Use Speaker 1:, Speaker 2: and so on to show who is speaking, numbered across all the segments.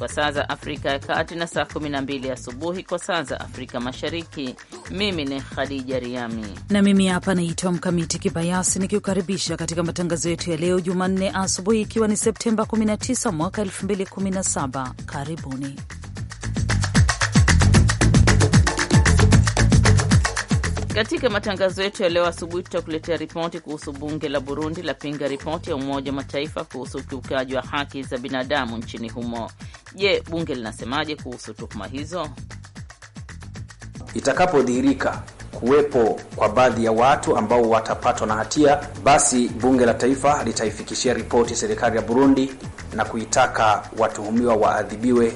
Speaker 1: kwa saa za Afrika ya Kati na saa 12 asubuhi kwa saa za Afrika Mashariki. Mimi ni Khadija Riami
Speaker 2: na mimi hapa naitwa Mkamiti Kibayasi nikiukaribisha katika matangazo yetu ya leo Jumanne asubuhi, ikiwa ni Septemba 19 mwaka 2017. Karibuni.
Speaker 1: Katika matangazo yetu ya leo asubuhi, tutakuletea ripoti kuhusu bunge la Burundi la pinga ripoti ya Umoja wa Mataifa kuhusu ukiukaji wa haki za binadamu nchini humo. Je, bunge linasemaje kuhusu tuhuma hizo?
Speaker 3: Itakapodhihirika kuwepo kwa baadhi ya watu ambao watapatwa na hatia, basi bunge la taifa litaifikishia ripoti serikali ya Burundi na kuitaka watuhumiwa waadhibiwe.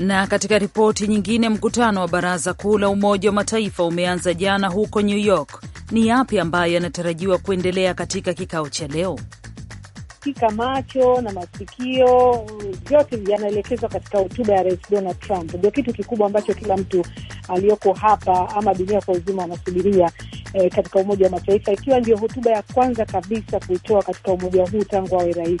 Speaker 2: Na katika ripoti nyingine, mkutano wa baraza kuu la Umoja wa Mataifa umeanza jana huko New York. Ni yapi ambayo yanatarajiwa kuendelea katika kikao cha leo?
Speaker 4: Hakika macho na masikio vyote yanaelekezwa katika hotuba ya Rais Donald Trump. Ndio kitu kikubwa ambacho kila mtu aliyoko hapa ama dunia kwa uzima anasubiria eh, katika Umoja wa Mataifa, ikiwa ndio hotuba ya kwanza kabisa kuitoa katika umoja huu tangu awe rais.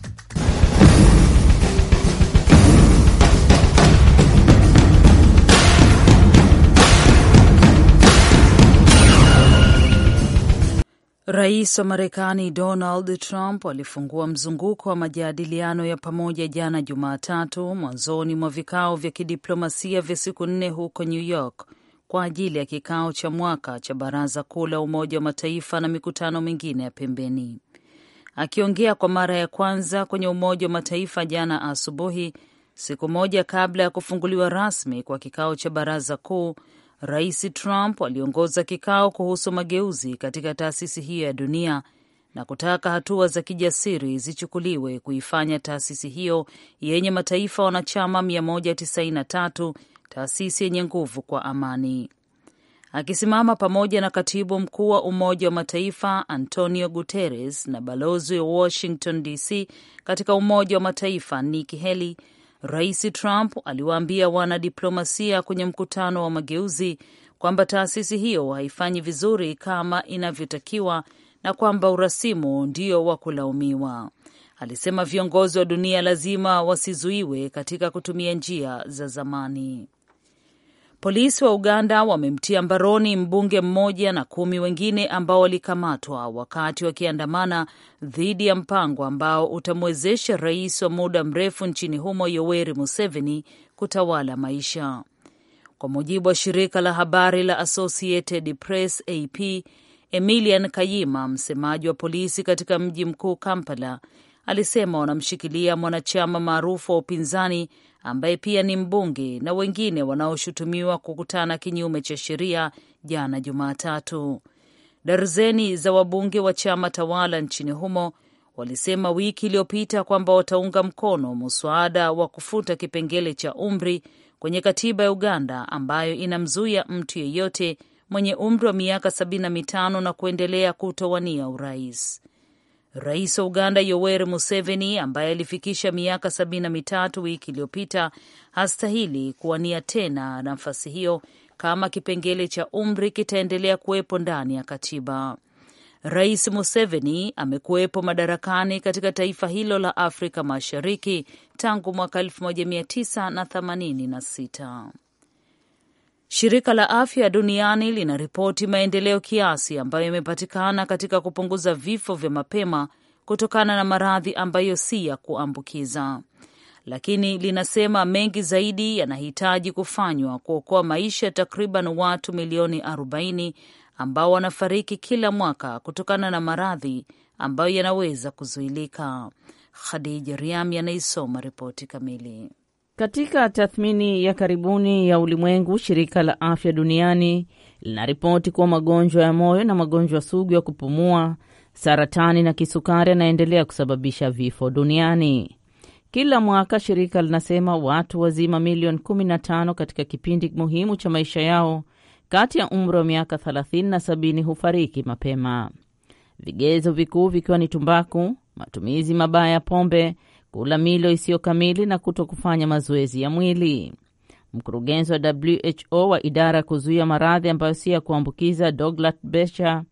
Speaker 2: Rais wa Marekani Donald Trump alifungua mzunguko wa majadiliano ya pamoja jana Jumatatu, mwanzoni mwa vikao vya kidiplomasia vya siku nne huko New York kwa ajili ya kikao cha mwaka cha Baraza Kuu la Umoja wa Mataifa na mikutano mingine ya pembeni. Akiongea kwa mara ya kwanza kwenye Umoja wa Mataifa jana asubuhi, siku moja kabla ya kufunguliwa rasmi kwa kikao cha Baraza Kuu, Rais Trump aliongoza kikao kuhusu mageuzi katika taasisi hiyo ya dunia na kutaka hatua za kijasiri zichukuliwe kuifanya taasisi hiyo yenye mataifa wanachama 193 taasisi yenye nguvu kwa amani. Akisimama pamoja na katibu mkuu wa Umoja wa Mataifa Antonio Guterres na balozi wa Washington DC katika Umoja wa Mataifa Nikki Haley Rais Trump aliwaambia wanadiplomasia kwenye mkutano wa mageuzi kwamba taasisi hiyo haifanyi vizuri kama inavyotakiwa na kwamba urasimu ndio wa kulaumiwa. Alisema viongozi wa dunia lazima wasizuiwe katika kutumia njia za zamani. Polisi wa Uganda wamemtia mbaroni mbunge mmoja na kumi wengine ambao walikamatwa wakati wakiandamana dhidi ya mpango ambao utamwezesha rais wa muda mrefu nchini humo Yoweri Museveni kutawala maisha. Kwa mujibu wa shirika la habari la Associated Press AP, Emilian Kayima, msemaji wa polisi katika mji mkuu Kampala, alisema wanamshikilia mwanachama maarufu wa upinzani ambaye pia ni mbunge na wengine wanaoshutumiwa kukutana kinyume cha sheria jana Jumatatu. Darzeni za wabunge wa chama tawala nchini humo walisema wiki iliyopita kwamba wataunga mkono muswada wa kufuta kipengele cha umri kwenye katiba ya Uganda ambayo inamzuia mtu yeyote mwenye umri wa miaka sabini na mitano na kuendelea kutowania urais. Rais wa Uganda Yoweri Museveni, ambaye alifikisha miaka sabini na mitatu wiki iliyopita, hastahili kuwania tena nafasi hiyo kama kipengele cha umri kitaendelea kuwepo ndani ya katiba. Rais Museveni amekuwepo madarakani katika taifa hilo la Afrika Mashariki tangu mwaka 1986. Shirika la Afya Duniani linaripoti maendeleo kiasi ambayo yamepatikana katika kupunguza vifo vya mapema kutokana na maradhi ambayo si ya kuambukiza, lakini linasema mengi zaidi yanahitaji kufanywa kuokoa maisha ya takriban watu milioni 40 ambao wanafariki kila mwaka kutokana na maradhi ambayo yanaweza kuzuilika. Khadija Riami anaisoma ripoti kamili.
Speaker 1: Katika tathmini ya karibuni ya ulimwengu, shirika la afya duniani linaripoti kuwa magonjwa ya moyo na magonjwa sugu ya kupumua, saratani na kisukari yanaendelea kusababisha vifo duniani. Kila mwaka shirika linasema watu wazima milioni 15 katika kipindi muhimu cha maisha yao kati ya umri wa miaka 30 na 70 hufariki mapema, vigezo vikuu vikiwa ni tumbaku, matumizi mabaya ya pombe kula milo isiyo kamili na kuto kufanya mazoezi ya mwili. Mkurugenzi wa WHO wa idara ya kuzuia maradhi ambayo si ya kuambukiza Douglas Besha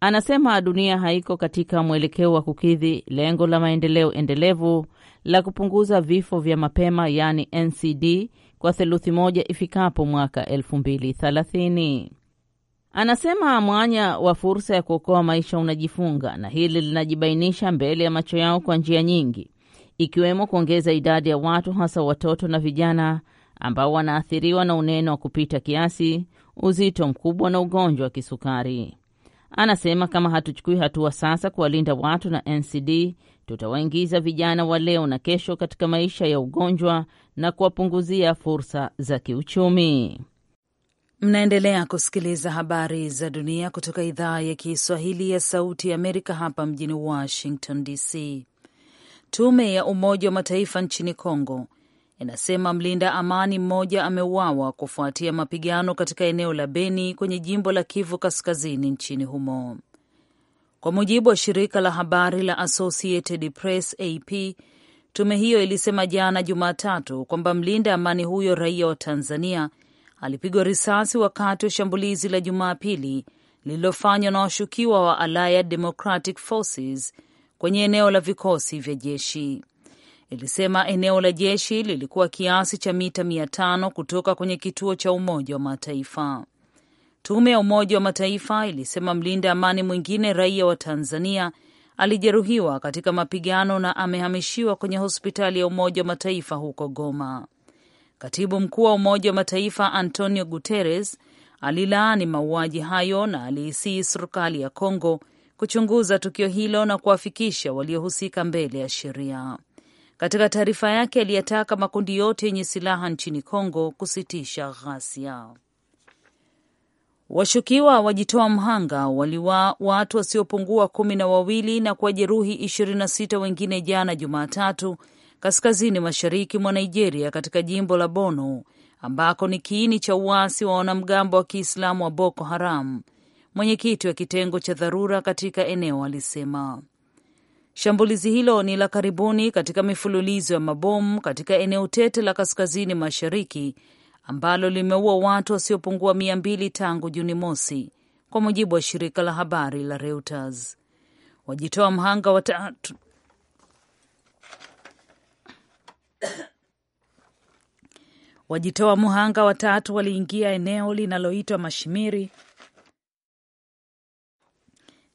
Speaker 1: anasema dunia haiko katika mwelekeo wa kukidhi lengo la maendeleo endelevu la kupunguza vifo vya mapema yaani NCD kwa theluthi moja ifikapo mwaka 2030. Anasema mwanya wa fursa ya kuokoa maisha unajifunga, na hili linajibainisha mbele ya macho yao kwa njia nyingi, ikiwemo kuongeza idadi ya watu hasa watoto na vijana ambao wanaathiriwa na unene wa kupita kiasi, uzito mkubwa na ugonjwa wa kisukari. Anasema kama hatuchukui hatua sasa kuwalinda watu na NCD, tutawaingiza vijana wa leo na kesho katika maisha ya ugonjwa na kuwapunguzia fursa za kiuchumi. Mnaendelea kusikiliza
Speaker 2: habari za dunia kutoka idhaa ya Kiswahili ya Sauti ya Amerika hapa mjini Washington DC. Tume ya Umoja wa Mataifa nchini Kongo inasema mlinda amani mmoja ameuawa kufuatia mapigano katika eneo la Beni kwenye jimbo la Kivu Kaskazini nchini humo. Kwa mujibu wa shirika la habari la Associated Press AP, tume hiyo ilisema jana Jumatatu kwamba mlinda amani huyo, raia wa Tanzania, alipigwa risasi wakati wa shambulizi la Jumapili lililofanywa na washukiwa wa Allied Democratic Forces kwenye eneo la vikosi vya jeshi. Ilisema eneo la jeshi lilikuwa kiasi cha mita mia tano kutoka kwenye kituo cha Umoja wa Mataifa. Tume ya Umoja wa Mataifa ilisema mlinda amani mwingine, raia wa Tanzania, alijeruhiwa katika mapigano na amehamishiwa kwenye hospitali ya Umoja wa Mataifa huko Goma. Katibu mkuu wa Umoja wa Mataifa Antonio Guterres alilaani mauaji hayo na aliisihi serikali ya Kongo kuchunguza tukio hilo na kuwafikisha waliohusika mbele ya sheria. Katika taarifa yake, aliyataka makundi yote yenye silaha nchini Kongo kusitisha ghasia. Washukiwa wajitoa mhanga waliwaa watu wasiopungua kumi na wawili na kuwajeruhi ishirini na sita wengine jana Jumatatu, kaskazini mashariki mwa Nigeria, katika jimbo la Bono ambako ni kiini cha uasi wa wanamgambo wa Kiislamu wa Boko Haram mwenyekiti wa kitengo cha dharura katika eneo alisema. Shambulizi hilo ni la karibuni katika mifululizo ya mabomu katika eneo tete la kaskazini mashariki ambalo limeua watu wasiopungua mia mbili tangu Juni mosi, kwa mujibu wa shirika la habari la Reuters. Wajitoa mhanga watatu wajitoa mhanga watatu waliingia eneo linaloitwa Mashimiri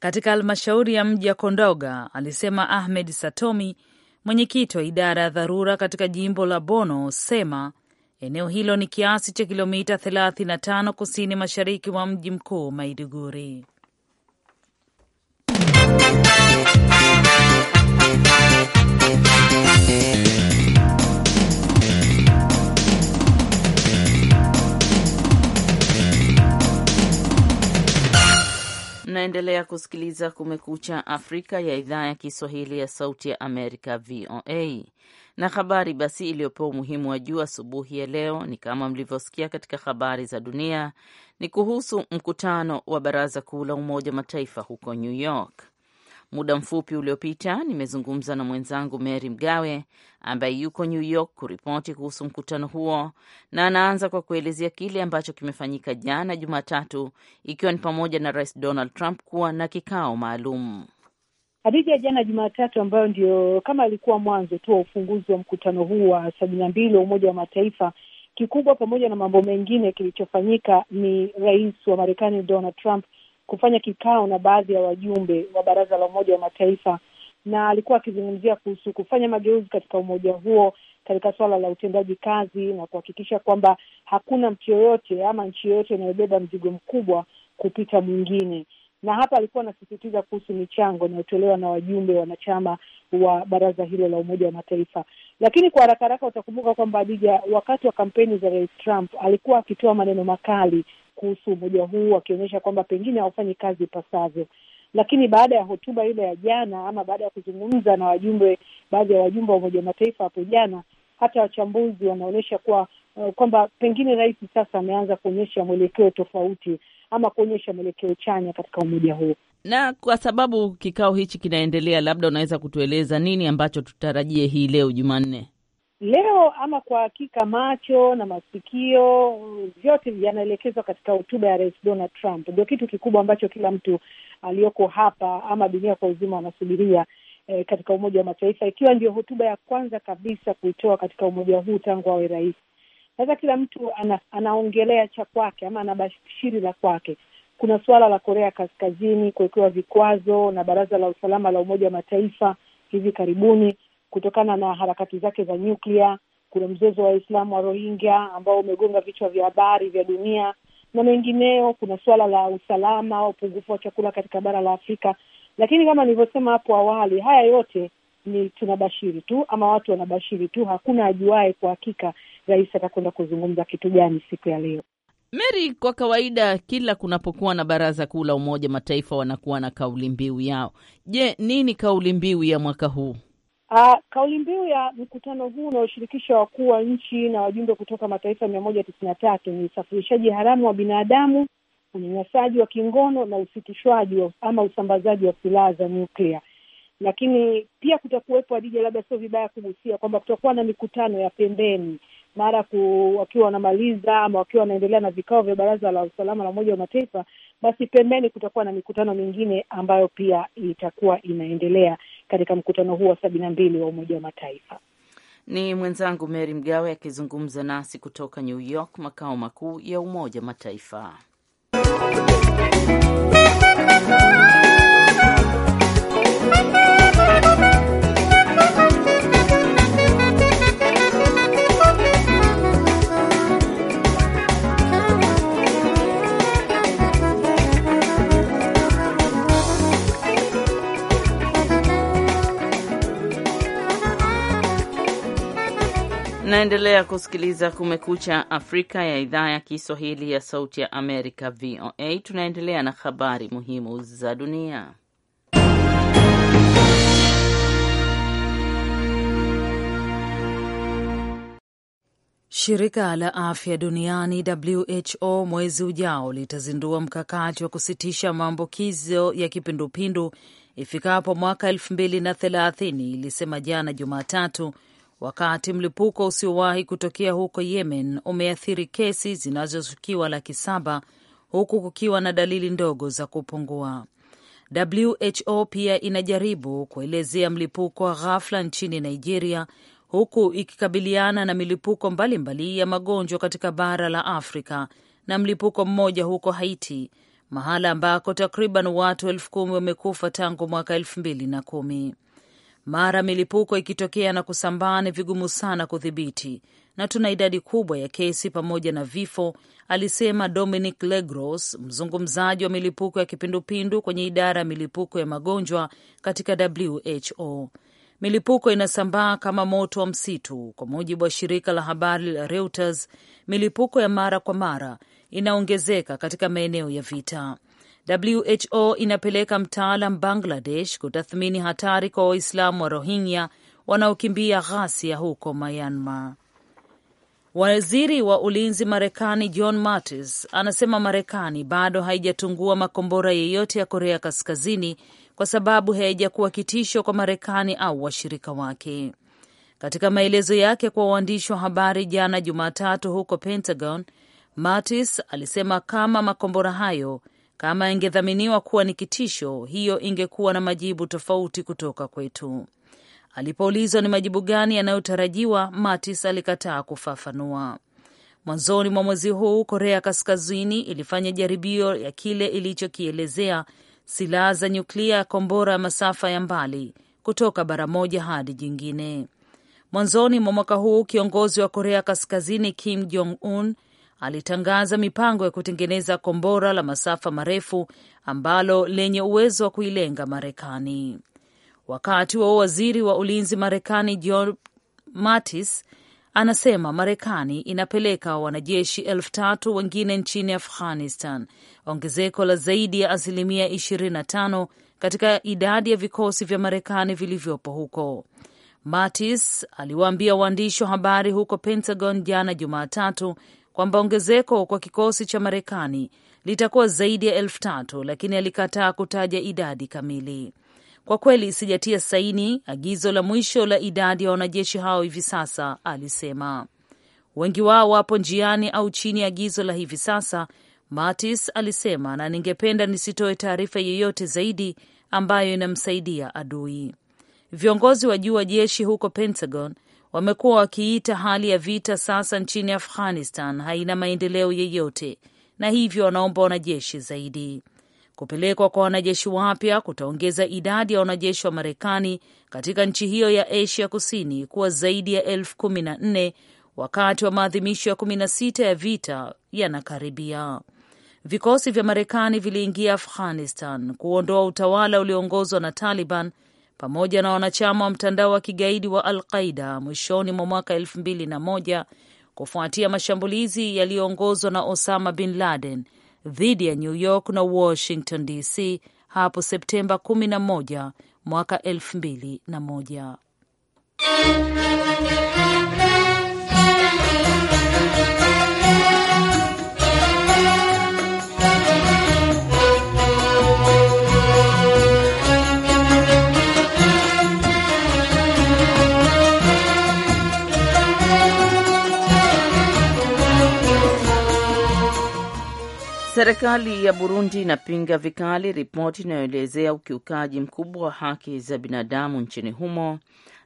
Speaker 2: katika halmashauri ya mji ya Kondoga, alisema Ahmed Satomi, mwenyekiti wa idara ya dharura katika jimbo la Bono Sema. Eneo hilo ni kiasi cha kilomita 35 kusini mashariki mwa mji mkuu Maiduguri.
Speaker 1: Mnaendelea kusikiliza Kumekucha Afrika ya idhaa ya Kiswahili ya Sauti ya Amerika, VOA. Na habari basi iliyopewa umuhimu wa juu asubuhi ya leo ni kama mlivyosikia katika habari za dunia, ni kuhusu mkutano wa Baraza Kuu la Umoja wa Mataifa huko New York. Muda mfupi uliopita nimezungumza na mwenzangu Mary Mgawe ambaye yuko New York kuripoti kuhusu mkutano huo, na anaanza kwa kuelezea kile ambacho kimefanyika jana Jumatatu, ikiwa ni pamoja na Rais Donald Trump kuwa na kikao maalum.
Speaker 4: Hadija, jana Jumatatu, ambayo ndio kama alikuwa mwanzo tu wa ufunguzi wa mkutano huu wa sabini na mbili wa Umoja wa Mataifa, kikubwa pamoja na mambo mengine kilichofanyika ni rais wa Marekani Donald Trump kufanya kikao na baadhi ya wajumbe wa baraza la Umoja wa Mataifa, na alikuwa akizungumzia kuhusu kufanya mageuzi katika umoja huo katika suala la utendaji kazi na kuhakikisha kwamba hakuna mtu yoyote ama nchi yoyote inayobeba mzigo mkubwa kupita mwingine. Na hapa alikuwa anasisitiza kuhusu michango inayotolewa na wajumbe wanachama wa baraza hilo la Umoja wa Mataifa. Lakini kwa haraka haraka utakumbuka kwamba Adija, wakati wa kampeni za Rais Trump alikuwa akitoa maneno makali kuhusu umoja huu, wakionyesha kwamba pengine hawafanyi kazi ipasavyo. Lakini baada ya hotuba ile ya jana, ama baada ya kuzungumza na wajumbe, baadhi ya wajumbe wa Umoja wa Mataifa hapo jana, hata wachambuzi wanaonyesha kuwa uh, kwamba pengine rais sasa ameanza kuonyesha mwelekeo tofauti ama kuonyesha mwelekeo chanya katika umoja huu.
Speaker 1: Na kwa sababu kikao hichi kinaendelea, labda unaweza kutueleza nini ambacho tutarajie hii leo Jumanne?
Speaker 4: Leo ama kwa hakika, macho na masikio vyote yanaelekezwa katika hotuba ya Rais Donald Trump. Ndio kitu kikubwa ambacho kila mtu aliyoko hapa ama dunia kwa uzima wanasubiria eh, katika Umoja wa Mataifa, ikiwa ndio hotuba ya kwanza kabisa kuitoa katika umoja huu tangu awe rais. Sasa kila mtu ana, anaongelea cha kwake ama anabashiri la kwake. Kuna suala la Korea Kaskazini kuwekewa vikwazo na Baraza la Usalama la Umoja wa Mataifa hivi karibuni kutokana na harakati zake za nyuklia. Kuna mzozo wa Waislamu wa Rohingya ambao umegonga vichwa vya habari vya dunia na mengineo Kuna suala la usalama au upungufu wa chakula katika bara la Afrika. Lakini kama nilivyosema hapo awali, haya yote ni tunabashiri tu ama watu wanabashiri tu. Hakuna ajuae kwa hakika rais atakwenda kuzungumza kitu gani siku ya leo.
Speaker 1: Mary, kwa kawaida kila kunapokuwa na baraza kuu la Umoja Mataifa wanakuwa na kauli mbiu yao. Je, nini kauli mbiu ya mwaka huu?
Speaker 4: Uh, kauli mbiu ya mkutano huu unaoshirikisha wakuu wa nchi na wajumbe kutoka mataifa mia moja tisini na tatu ni usafirishaji haramu wa binadamu, unyanyasaji wa kingono na usitishwaji ama usambazaji wa silaha za nyuklia. Lakini pia kutakuwepo, Adija, labda sio vibaya kugusia kwamba kutakuwa na mikutano ya pembeni mara ku, wakiwa wanamaliza ama wakiwa wanaendelea na vikao vya Baraza la Usalama la Umoja wa Mataifa, basi pembeni kutakuwa na mikutano mingine ambayo pia itakuwa inaendelea katika mkutano huu wa sabini na mbili wa Umoja wa Mataifa.
Speaker 1: Ni mwenzangu Mary Mgawe akizungumza nasi kutoka New York, makao makuu ya Umoja wa Mataifa. Unaendelea kusikiliza Kumekucha Afrika ya idhaa ya Kiswahili ya Sauti ya Amerika, VOA. Tunaendelea na habari muhimu za dunia.
Speaker 2: Shirika la afya duniani WHO mwezi ujao litazindua mkakati wa kusitisha maambukizo ya kipindupindu ifikapo mwaka 230 ilisema jana Jumatatu, wakati mlipuko usiowahi kutokea huko Yemen umeathiri kesi zinazoshukiwa laki saba huku kukiwa na dalili ndogo za kupungua. WHO pia inajaribu kuelezea mlipuko wa ghafla nchini Nigeria, huku ikikabiliana na milipuko mbalimbali ya magonjwa katika bara la Afrika na mlipuko mmoja huko Haiti, mahala ambako takriban watu elfu kumi wamekufa tangu mwaka elfu mbili na kumi. Mara milipuko ikitokea na kusambaa ni vigumu sana kudhibiti, na tuna idadi kubwa ya kesi pamoja na vifo, alisema Dominic Legros, mzungumzaji wa milipuko ya kipindupindu kwenye idara ya milipuko ya magonjwa katika WHO. Milipuko inasambaa kama moto wa msitu. Kwa mujibu wa shirika la habari la Reuters, milipuko ya mara kwa mara inaongezeka katika maeneo ya vita. WHO inapeleka mtaalam Bangladesh kutathmini hatari kwa Waislamu wa Rohingya wanaokimbia ghasia huko Myanmar. Waziri wa ulinzi Marekani John Mattis anasema Marekani bado haijatungua makombora yeyote ya Korea Kaskazini kwa sababu haijakuwa kitisho kwa Marekani au washirika wake. Katika maelezo yake kwa waandishi wa habari jana Jumatatu huko Pentagon, Mattis alisema kama makombora hayo kama ingedhaminiwa kuwa ni kitisho, hiyo ingekuwa na majibu tofauti kutoka kwetu. Alipoulizwa ni majibu gani yanayotarajiwa, Mattis alikataa kufafanua. Mwanzoni mwa mwezi huu Korea Kaskazini ilifanya jaribio ya kile ilichokielezea silaha za nyuklia ya kombora ya masafa ya mbali kutoka bara moja hadi jingine. Mwanzoni mwa mwaka huu kiongozi wa Korea Kaskazini Kim Jong Un alitangaza mipango ya kutengeneza kombora la masafa marefu ambalo lenye uwezo wa kuilenga Marekani. Wakati wa waziri wa ulinzi Marekani John Mattis anasema Marekani inapeleka wanajeshi elfu tatu wengine nchini Afghanistan, ongezeko la zaidi ya asilimia 25 katika idadi ya vikosi vya Marekani vilivyopo huko. Mattis aliwaambia waandishi wa habari huko Pentagon jana Jumatatu kwamba ongezeko kwa kikosi cha Marekani litakuwa zaidi ya elfu tatu lakini alikataa kutaja idadi kamili. Kwa kweli sijatia saini agizo la mwisho la idadi ya wanajeshi hao hivi sasa, alisema. Wengi wao wapo njiani au chini ya agizo la hivi sasa, Mattis alisema, na ningependa nisitoe taarifa yoyote zaidi ambayo inamsaidia adui. Viongozi wa juu wa jeshi huko Pentagon wamekuwa wakiita hali ya vita sasa nchini Afghanistan haina maendeleo yeyote, na hivyo wanaomba wanajeshi zaidi. Kupelekwa kwa wanajeshi wapya kutaongeza idadi ya wanajeshi wa Marekani katika nchi hiyo ya Asia Kusini kuwa zaidi ya elfu kumi na nne wakati wa maadhimisho ya kumi na sita ya vita yanakaribia. Vikosi vya Marekani viliingia Afghanistan kuondoa utawala ulioongozwa na Taliban pamoja na wanachama wa mtandao wa kigaidi wa Al Qaida mwishoni mwa mwaka elfu mbili na moja kufuatia mashambulizi yaliyoongozwa na Osama bin Laden dhidi ya New York na Washington DC hapo Septemba 11 mwaka moja.
Speaker 1: Serikali ya Burundi inapinga vikali ripoti inayoelezea ukiukaji mkubwa wa haki za binadamu nchini humo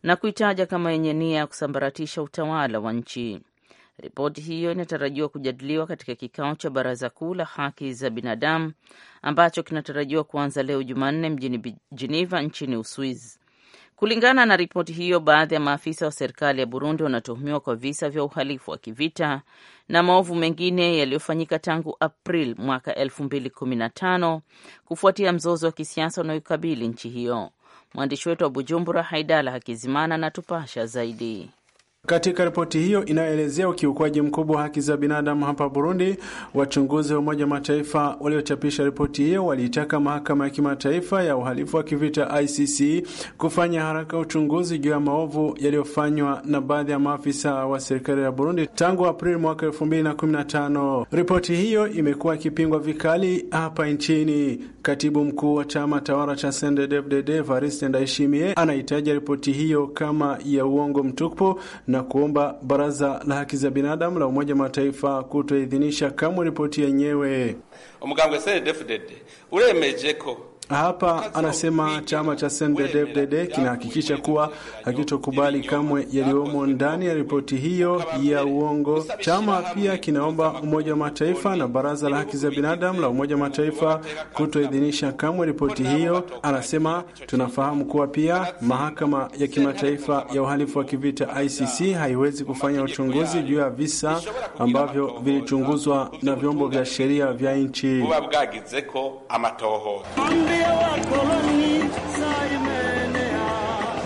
Speaker 1: na kuitaja kama yenye nia ya kusambaratisha utawala wa nchi. Ripoti hiyo inatarajiwa kujadiliwa katika kikao cha Baraza Kuu la Haki za Binadamu ambacho kinatarajiwa kuanza leo Jumanne mjini Geneva nchini Uswizi. Kulingana na ripoti hiyo, baadhi ya maafisa wa serikali ya Burundi wanatuhumiwa kwa visa vya uhalifu wa kivita na maovu mengine yaliyofanyika tangu April mwaka 2015 kufuatia mzozo wa kisiasa unaoikabili nchi hiyo. Mwandishi wetu wa Bujumbura, Haidala Hakizimana, anatupasha zaidi.
Speaker 5: Katika ripoti hiyo inayoelezea ukiukwaji mkubwa wa haki za binadamu hapa Burundi, wachunguzi wa Umoja wa Mataifa waliochapisha ripoti hiyo waliitaka mahakama ya kimataifa ya uhalifu wa kivita ICC kufanya haraka uchunguzi juu ya maovu yaliyofanywa na baadhi ya maafisa wa serikali ya Burundi tangu Aprili mwaka tano. Ripoti hiyo imekuwa ikipingwa vikali hapa nchini. Katibu mkuu wa chama tawala cha CNDD-FDD Evariste Ndayishimiye anaitaja ripoti hiyo kama ya uongo mtupu na na kuomba baraza la haki za binadamu la Umoja wa Mataifa kutoidhinisha kamwe ripoti yenyewe.
Speaker 3: Umugambwe sene defudede uremeje ko
Speaker 5: hapa anasema chama cha CNDD-FDD kinahakikisha kuwa hakitokubali kamwe yaliyomo ndani ya ripoti hiyo ya uongo. Chama pia kinaomba Umoja wa Mataifa na Baraza la Haki za Binadamu la Umoja wa Mataifa kutoidhinisha kamwe ripoti hiyo. Anasema tunafahamu kuwa pia mahakama ya kimataifa ya uhalifu wa kivita ICC haiwezi kufanya uchunguzi juu ya visa ambavyo vilichunguzwa na vyombo vya sheria vya nchi. Kolonya var koloni sahibi.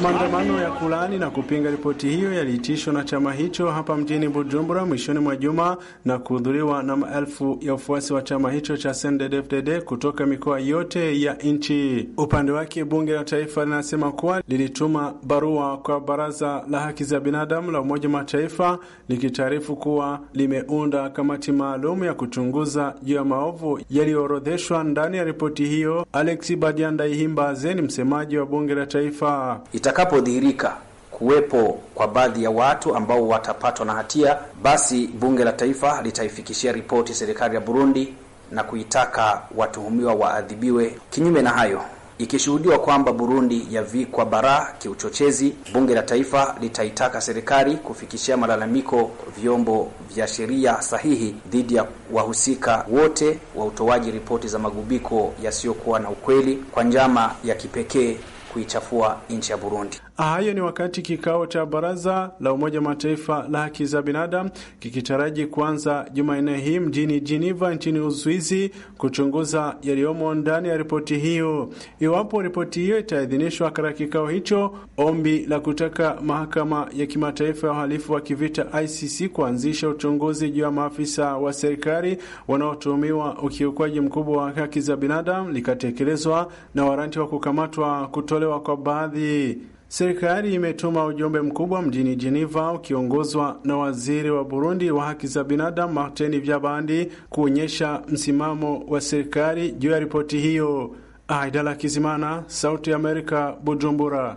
Speaker 5: Maandamano ya kulani na kupinga ripoti hiyo yaliitishwa na chama hicho hapa mjini Bujumbura mwishoni mwa juma na kuhudhuriwa na maelfu ya wafuasi wa chama hicho cha CNDD-FDD kutoka mikoa yote ya nchi. Upande wake, bunge la taifa linasema kuwa lilituma barua kwa baraza la haki za binadamu la Umoja Mataifa likitaarifu kuwa limeunda kamati maalum ya kuchunguza juu ya maovu yaliyoorodheshwa ndani ya ripoti hiyo. alexi Badianda ni msemaji wa bunge la taifa
Speaker 3: Ita itakapodhihirika kuwepo kwa baadhi ya watu ambao watapatwa na hatia, basi bunge la taifa litaifikishia ripoti serikali ya Burundi na kuitaka watuhumiwa waadhibiwe. Kinyume na hayo, ikishuhudiwa kwamba Burundi yavikwa baraa kiuchochezi, bunge la taifa litaitaka serikali kufikishia malalamiko vyombo vya sheria sahihi dhidi ya wahusika wote wa utoaji ripoti za magubiko yasiyokuwa na ukweli kwa njama ya kipekee kuichafua nchi ya
Speaker 5: Burundi. Ah, hayo ni wakati kikao cha baraza la Umoja Mataifa la haki za binadamu kikitaraji kuanza Jumanne hii mjini jiniva nchini Uswizi kuchunguza yaliyomo ndani ya ripoti hiyo. Iwapo ripoti hiyo itaidhinishwa katika kikao hicho, ombi la kutaka mahakama ya kimataifa ya uhalifu wa kivita ICC kuanzisha uchunguzi juu ya maafisa wa serikali wanaotuhumiwa ukiukwaji mkubwa wa haki za binadamu likatekelezwa na waranti wa kukamatwa kutolewa kwa baadhi Serikali imetuma ujumbe mkubwa mjini Jeneva ukiongozwa na waziri wa Burundi wa haki za binadamu Martin Vyabandi kuonyesha msimamo wa serikali juu ya ripoti hiyo. Aidala Kizimana, Sauti ya Amerika, Bujumbura.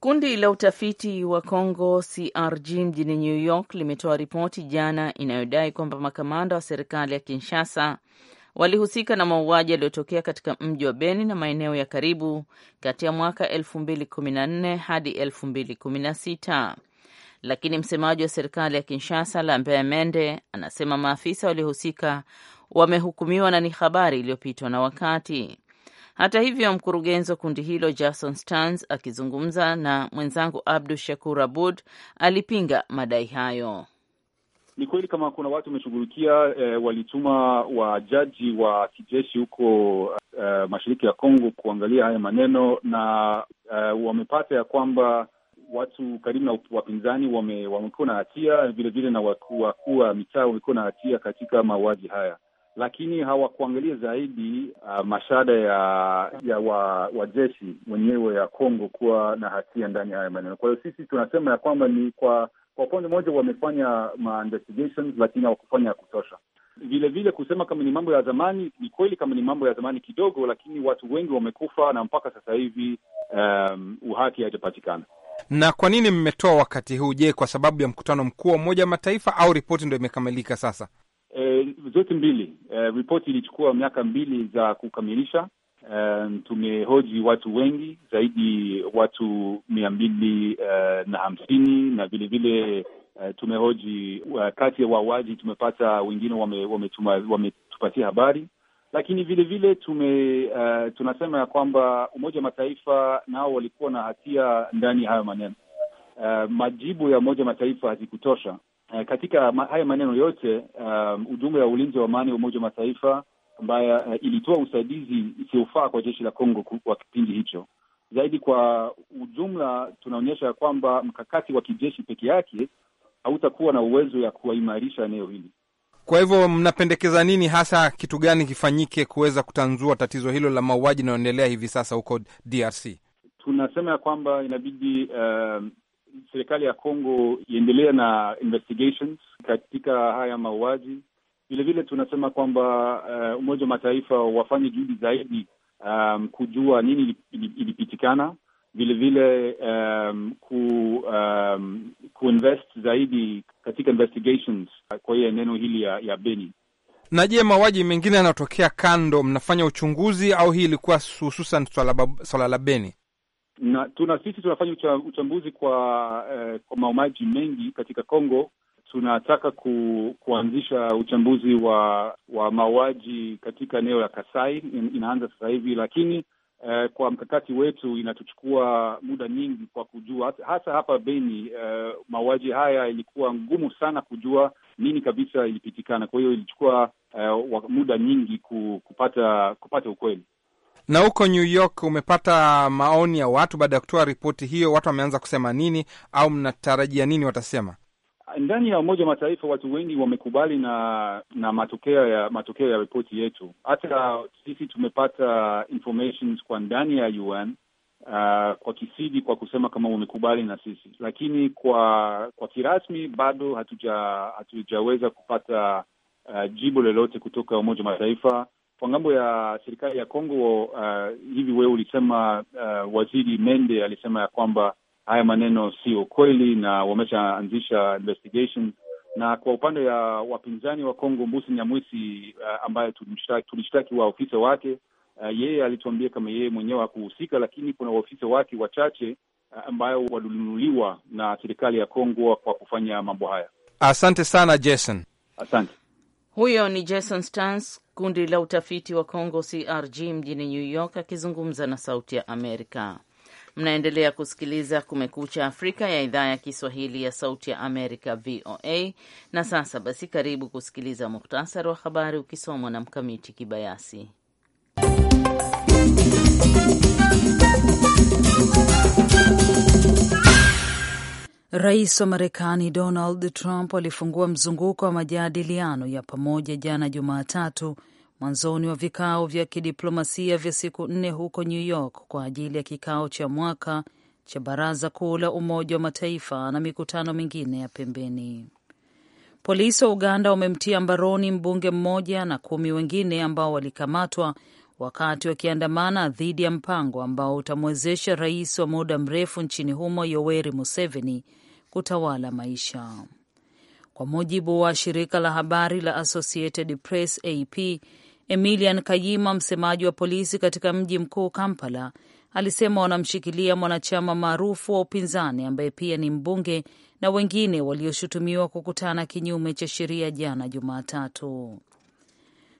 Speaker 1: Kundi la utafiti wa Congo CRG mjini New York limetoa ripoti jana inayodai kwamba makamanda wa serikali ya Kinshasa walihusika na mauaji yaliyotokea katika mji wa Beni na maeneo ya karibu kati ya mwaka 2014 hadi 2016. Lakini msemaji wa serikali ya Kinshasa, Lambert Mende, anasema maafisa waliohusika wamehukumiwa na ni habari iliyopitwa na wakati. Hata hivyo, mkurugenzi wa kundi hilo Jason Stans akizungumza na mwenzangu Abdu Shakur Abud alipinga madai hayo.
Speaker 3: Ni kweli kama kuna watu wameshughulikia, e, walituma wajaji wa kijeshi huko e, mashariki ya Kongo kuangalia haya maneno na e, wamepata ya kwamba watu karibu na wapinzani wamekuwa na hatia vilevile, na wakuu wa mitaa wamekuwa na hatia katika mauaji haya, lakini hawakuangalia zaidi uh, mashada ya ya wajeshi wa wenyewe ya Kongo kuwa na hatia ndani ya haya maneno. Kwa hiyo sisi tunasema ya kwamba ni kwa kwa upande mmoja wamefanya ma investigations lakini hawakufanya ya kutosha. Vile vile kusema kama ni mambo ya zamani, ni kweli kama ni mambo ya zamani kidogo, lakini watu wengi wamekufa na mpaka sasa hivi um, uhaki haijapatikana. Na kwa nini mmetoa wakati huu? Je, kwa sababu ya mkutano mkuu wa Umoja wa Mataifa au ripoti ndo imekamilika sasa? E, zote mbili. E, ripoti ilichukua miaka mbili za kukamilisha um, tumehoji watu wengi zaidi watu mia mbili uh, na hamsini na vilevile uh, tumehoji uh, kati ya wauaji tumepata wengine wametupatia wame wame habari, lakini vilevile tume uh, tunasema ya kwamba Umoja wa Mataifa nao walikuwa na hatia ndani ya hayo maneno. Uh, majibu ya Umoja wa Mataifa hazikutosha uh, katika ma haya maneno yote. Uh, ujumbe wa ulinzi wa amani wa Umoja wa Mataifa ambayo uh, ilitoa usaidizi isiyofaa kwa jeshi la Kongo kwa kipindi hicho. Zaidi kwa ujumla, tunaonyesha ya kwamba mkakati wa kijeshi peke yake hautakuwa na uwezo ya kuwaimarisha eneo hili. Kwa hivyo mnapendekeza nini hasa, kitu gani kifanyike kuweza kutanzua tatizo hilo la mauaji inayoendelea hivi sasa huko DRC? Tunasema ya kwamba inabidi uh, serikali ya Kongo iendelee na investigations katika haya mauaji Vilevile tunasema kwamba uh, Umoja wa Mataifa wafanye juhudi zaidi um, kujua nini ilipitikana, vilevile um, ku, um, kuinvest zaidi katika investigations kwa hiyo neno hili ya, ya Beni. Na je, mauaji mengine yanayotokea kando, mnafanya uchunguzi au hii ilikuwa hususan swala la Beni? Na tuna sisi tunafanya uchambuzi kwa, eh, kwa maumaji mengi katika Kongo tunataka ku, kuanzisha uchambuzi wa wa mauaji katika eneo la Kasai in, inaanza sasa hivi, lakini eh, kwa mkakati wetu inatuchukua muda nyingi kwa kujua, hasa hapa Beni eh, mauaji haya ilikuwa ngumu sana kujua nini kabisa ilipitikana. Kwa hiyo ilichukua eh, muda nyingi kupata kupata ukweli. Na huko New York umepata maoni ya watu baada ya kutoa ripoti hiyo, watu wameanza kusema nini, au mnatarajia nini watasema? ndani ya Umoja wa Mataifa watu wengi wamekubali na na matokeo ya matokeo ya ripoti yetu. Hata sisi tumepata informations kwa ndani ya UN uh, kwa kisidi kwa kusema kama wamekubali na sisi, lakini kwa kwa kirasmi bado hatuja hatujaweza kupata uh, jibu lolote kutoka Umoja wa Mataifa kwa ngambo ya serikali ya Kongo. Uh, hivi wewe ulisema uh, waziri Mende alisema ya kwamba haya maneno sio kweli, na wameshaanzisha investigation. Na kwa upande ya wapinzani wa Kongo, Mbusi Nyamwisi uh, ambaye tulishtaki waofisa wake uh, yeye alituambia kama yeye mwenyewe hakuhusika, lakini kuna waofisa wake wachache uh, ambayo walinunuliwa na serikali ya Kongo kwa kufanya mambo haya. Asante sana Jason, asante.
Speaker 1: Huyo ni Jason Stans, kundi la utafiti wa Kongo CRG mjini New York akizungumza na Sauti ya Amerika. Mnaendelea kusikiliza Kumekucha Afrika ya idhaa ya Kiswahili ya Sauti ya Amerika, VOA. Na sasa basi, karibu kusikiliza muhtasari wa habari ukisomwa na Mkamiti Kibayasi.
Speaker 2: Rais wa Marekani Donald Trump alifungua mzunguko wa majadiliano ya pamoja jana Jumatatu mwanzoni wa vikao vya kidiplomasia vya siku nne huko New York kwa ajili ya kikao cha mwaka cha Baraza Kuu la Umoja wa Mataifa na mikutano mingine ya pembeni. Polisi wa Uganda wamemtia mbaroni mbunge mmoja na kumi wengine ambao walikamatwa wakati wakiandamana dhidi ya mpango ambao utamwezesha rais wa muda mrefu nchini humo Yoweri Museveni kutawala maisha. Kwa mujibu wa shirika la habari la Associated Press AP, Emilian Kayima, msemaji wa polisi katika mji mkuu Kampala, alisema wanamshikilia mwanachama maarufu wa upinzani ambaye pia ni mbunge na wengine walioshutumiwa kukutana kinyume cha sheria jana Jumatatu.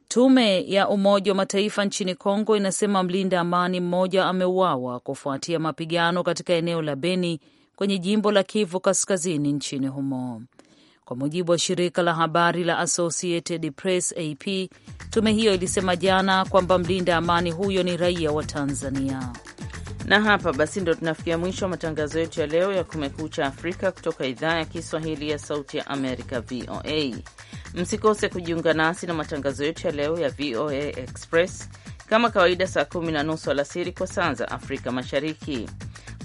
Speaker 2: Tume ya Umoja wa Mataifa nchini Kongo inasema mlinda amani mmoja ameuawa kufuatia mapigano katika eneo la Beni kwenye jimbo la Kivu Kaskazini nchini humo. Kwa mujibu wa shirika la habari la Associated Press, AP, tume hiyo ilisema
Speaker 1: jana kwamba mlinda amani huyo ni raia wa Tanzania. Na hapa basi ndo tunafikia mwisho wa matangazo yetu ya leo ya Kumekucha Afrika kutoka idhaa ya Kiswahili ya Sauti ya Amerika, VOA. Msikose kujiunga nasi na matangazo yetu ya leo ya VOA Express kama kawaida, saa kumi na nusu alasiri kwa saa za Afrika Mashariki.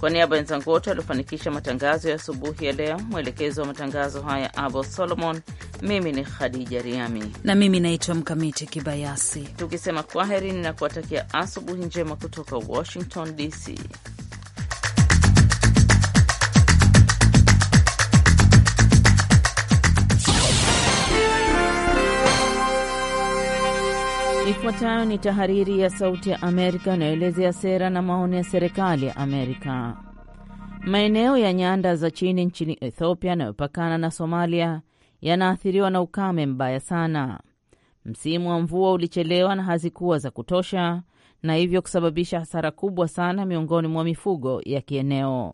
Speaker 1: Kwa niaba ya wenzangu wote waliofanikisha matangazo ya asubuhi ya leo, mwelekezi wa matangazo haya Abo Solomon, mimi ni Khadija Riami
Speaker 2: na mimi naitwa Mkamiti Kibayasi,
Speaker 1: tukisema kwaherini na kuwatakia asubuhi njema kutoka Washington DC. Ifuatayo ni tahariri ya Sauti ya Amerika inayoelezea sera na maoni ya serikali ya Amerika. Maeneo ya nyanda za chini nchini Ethiopia yanayopakana na Somalia yanaathiriwa na ukame mbaya sana. Msimu wa mvua ulichelewa na hazikuwa za kutosha, na hivyo kusababisha hasara kubwa sana miongoni mwa mifugo ya kieneo.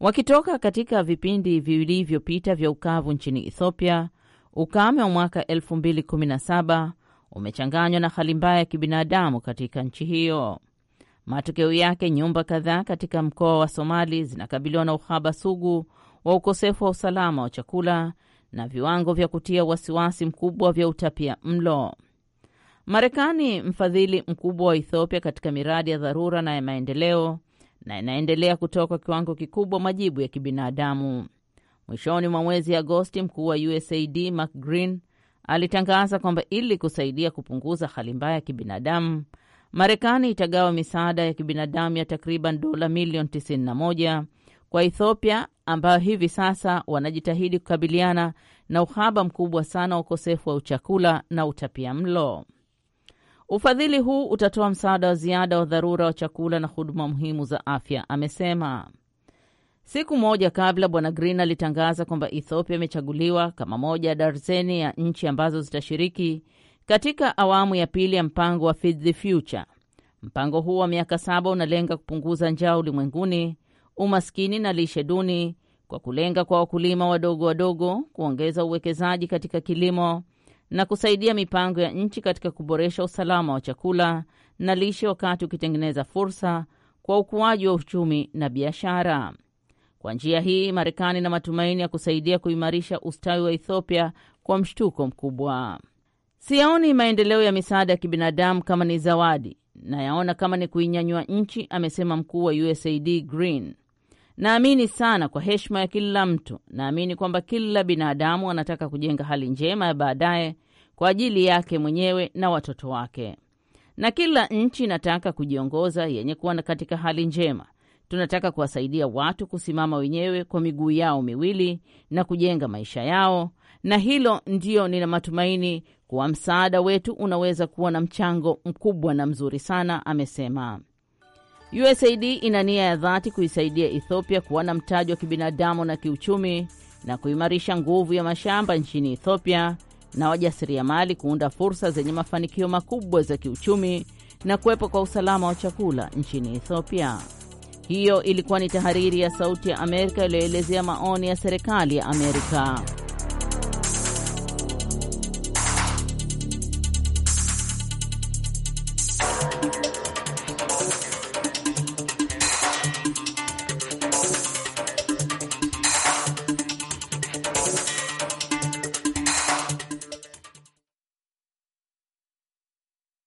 Speaker 1: Wakitoka katika vipindi vilivyopita vya ukavu nchini Ethiopia, ukame wa mwaka 2017 umechanganywa na hali mbaya ya kibinadamu katika nchi hiyo. Matokeo yake, nyumba kadhaa katika mkoa wa Somali zinakabiliwa na uhaba sugu wa ukosefu wa usalama wa chakula na viwango vya kutia wasiwasi mkubwa vya utapia mlo. Marekani, mfadhili mkubwa wa Ethiopia katika miradi ya dharura na ya maendeleo, na inaendelea kutoa kwa kiwango kikubwa majibu ya kibinadamu. Mwishoni mwa mwezi Agosti, mkuu wa USAID Mark Green alitangaza kwamba ili kusaidia kupunguza hali mbaya ya kibinadamu, Marekani itagawa misaada ya kibinadamu ya takriban dola milioni 91 kwa Ethiopia, ambayo hivi sasa wanajitahidi kukabiliana na uhaba mkubwa sana wa ukosefu wa uchakula na utapia mlo. Ufadhili huu utatoa msaada wa ziada wa dharura wa chakula na huduma muhimu za afya, amesema. Siku moja kabla, Bwana Green alitangaza kwamba Ethiopia imechaguliwa kama moja ya darzeni ya nchi ambazo zitashiriki katika awamu ya pili ya mpango wa Feed the Future. Mpango huu wa miaka saba unalenga kupunguza njaa ulimwenguni, umaskini na lishe duni kwa kulenga kwa wakulima wadogo wadogo, kuongeza uwekezaji katika kilimo na kusaidia mipango ya nchi katika kuboresha usalama wa chakula na lishe, wakati ukitengeneza fursa kwa ukuaji wa uchumi na biashara. Kwa njia hii, Marekani ina matumaini ya kusaidia kuimarisha ustawi wa Ethiopia kwa mshtuko mkubwa. Siyaoni maendeleo ya misaada ya kibinadamu kama ni zawadi, nayaona kama ni kuinyanyua nchi, amesema mkuu wa USAID Green. Naamini sana kwa heshima ya kila mtu, naamini kwamba kila binadamu anataka kujenga hali njema ya baadaye kwa ajili yake mwenyewe na watoto wake, na kila nchi inataka kujiongoza yenye kuwa katika hali njema Tunataka kuwasaidia watu kusimama wenyewe kwa miguu yao miwili na kujenga maisha yao, na hilo ndiyo nina matumaini kuwa msaada wetu unaweza kuwa na mchango mkubwa na mzuri sana, amesema. USAID ina nia ya dhati kuisaidia Ethiopia kuwa na mtaji wa kibinadamu na kiuchumi na kuimarisha nguvu ya mashamba nchini Ethiopia na wajasiriamali kuunda fursa zenye mafanikio makubwa za kiuchumi na kuwepo kwa usalama wa chakula nchini Ethiopia. Hiyo ilikuwa ni tahariri ya Sauti ya Amerika iliyoelezea maoni ya serikali ya Amerika.